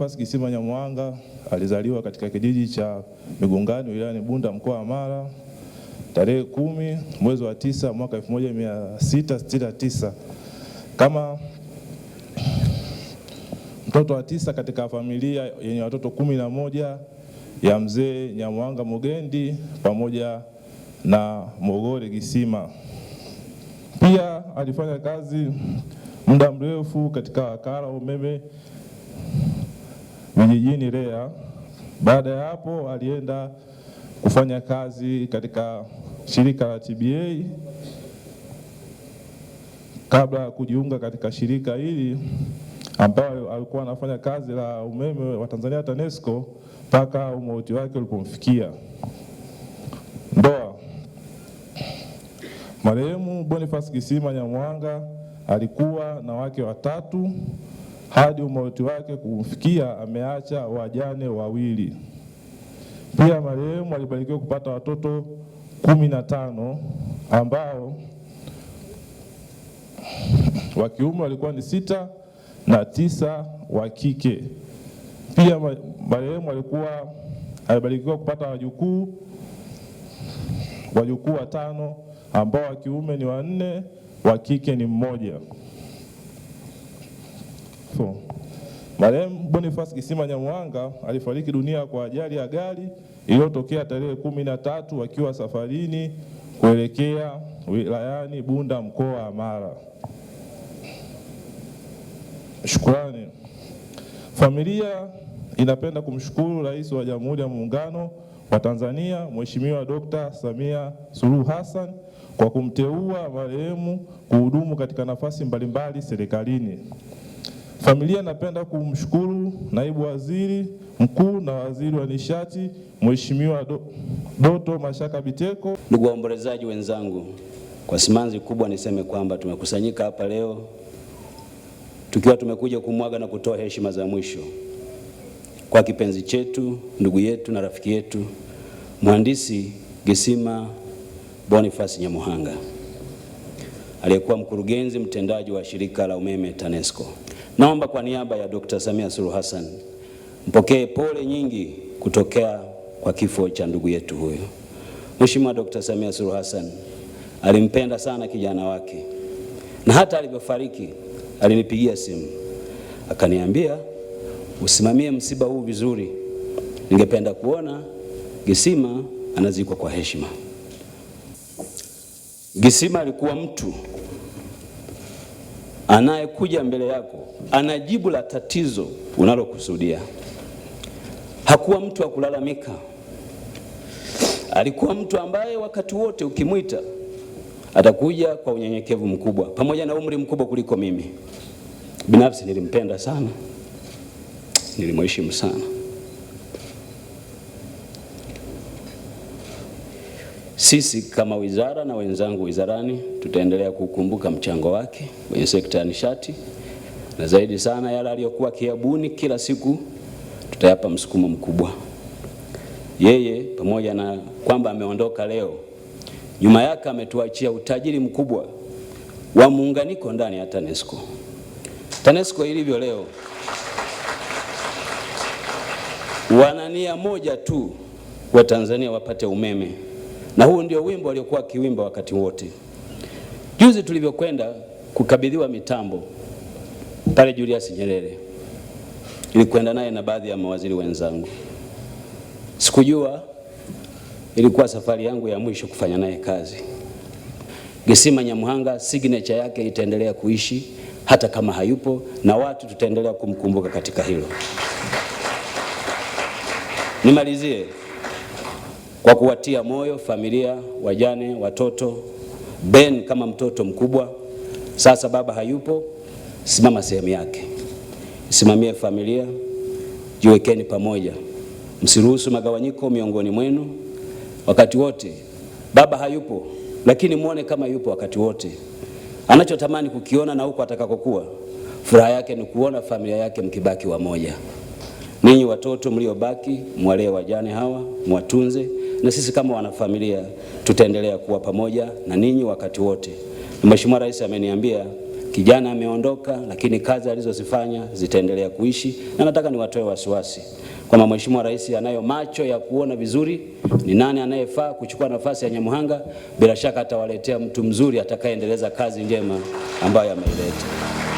Boniface Kisima Nyamwanga alizaliwa katika kijiji cha Migungani wilayani Bunda mkoa wa Mara tarehe kumi mwezi wa tisa mwaka 1669 kama mtoto wa tisa katika familia yenye watoto kumi na moja ya mzee Nyamwanga Mugendi pamoja na Mogore Kisima. Pia alifanya kazi muda mrefu katika wakala umeme vijijini REA. Baada ya hapo alienda kufanya kazi katika shirika la TBA kabla ya kujiunga katika shirika hili ambayo alikuwa anafanya kazi la umeme wa Tanzania TANESCO mpaka umauti wake ulipomfikia. Ndoa. Marehemu Boniface Kisima Nyamwanga alikuwa na wake watatu hadi umauti wake kumfikia, ameacha wajane wawili. Pia marehemu alibarikiwa kupata watoto kumi na tano ambao wa kiume walikuwa ni sita na tisa wa kike. Pia marehemu alikuwa alibarikiwa kupata wajukuu wajukuu watano ambao wa kiume ni wanne, wa kike ni mmoja kifo. Marehemu Boniface Kisima Nyamwanga alifariki dunia kwa ajali ya gari iliyotokea tarehe kumi na tatu akiwa safarini kuelekea wilayani Bunda mkoa wa Mara. Shukrani. Familia inapenda kumshukuru Rais wa Jamhuri ya Muungano wa Tanzania Mheshimiwa Dr. Samia Suluhu Hassan kwa kumteua marehemu kuhudumu katika nafasi mbalimbali serikalini. Familia napenda kumshukuru naibu waziri mkuu na waziri wa nishati Mheshimiwa Doto Mashaka Biteko. Ndugu waombolezaji wenzangu, kwa simanzi kubwa niseme kwamba tumekusanyika hapa leo tukiwa tumekuja kumwaga na kutoa heshima za mwisho kwa kipenzi chetu, ndugu yetu na rafiki yetu Mhandisi gisima Boniface Nyamuhanga aliyekuwa mkurugenzi mtendaji wa shirika la umeme TANESCO. Naomba kwa niaba ya Dr. Samia Suluhu Hassan mpokee pole nyingi kutokea kwa kifo cha ndugu yetu huyu. Mheshimiwa Dr. Samia Suluhu Hassan alimpenda sana kijana wake, na hata alivyofariki alinipigia simu akaniambia, usimamie msiba huu vizuri, ningependa kuona Gisima anazikwa kwa heshima. Gisima alikuwa mtu anayekuja mbele yako ana jibu la tatizo unalokusudia. Hakuwa mtu wa kulalamika, alikuwa mtu ambaye wakati wote ukimwita atakuja kwa unyenyekevu mkubwa, pamoja na umri mkubwa kuliko mimi. Binafsi nilimpenda sana, nilimheshimu sana. Sisi kama wizara na wenzangu wizarani tutaendelea kukumbuka mchango wake kwenye sekta ya nishati na zaidi sana yale aliyokuwa kiabuni kila siku tutayapa msukumo mkubwa. Yeye pamoja na kwamba ameondoka leo, nyuma yake ametuachia utajiri mkubwa wa muunganiko ndani ya TANESCO. TANESCO ilivyo leo, wanania moja tu wa Tanzania wapate umeme na huo ndio wimbo waliokuwa kiwimba wakati wote. Juzi tulivyokwenda kukabidhiwa mitambo pale Julius Nyerere, nilikwenda naye na baadhi ya mawaziri wenzangu. Sikujua ilikuwa safari yangu ya mwisho kufanya naye kazi. Gesima Nyamuhanga, signature yake itaendelea kuishi hata kama hayupo, na watu tutaendelea kumkumbuka katika hilo. Nimalizie kwa kuwatia moyo familia, wajane, watoto. Ben kama mtoto mkubwa, sasa baba hayupo, simama sehemu yake, simamie familia, jiwekeni pamoja, msiruhusu magawanyiko miongoni mwenu. Wakati wote baba hayupo, lakini muone kama yupo wakati wote. Anachotamani kukiona na huko atakakokuwa, furaha yake ni kuona familia yake mkibaki wamoja. Ninyi watoto mliobaki, mwalee wajane hawa, mwatunze na sisi kama wanafamilia tutaendelea kuwa pamoja na ninyi wakati wote. Mheshimiwa Rais ameniambia kijana ameondoka, lakini kazi alizozifanya zitaendelea kuishi, na nataka niwatoe wasiwasi kwamba Mheshimiwa Rais anayo macho ya kuona vizuri ni nani anayefaa kuchukua nafasi ya Nyamuhanga. Bila shaka atawaletea mtu mzuri atakayeendeleza kazi njema ambayo ameileta.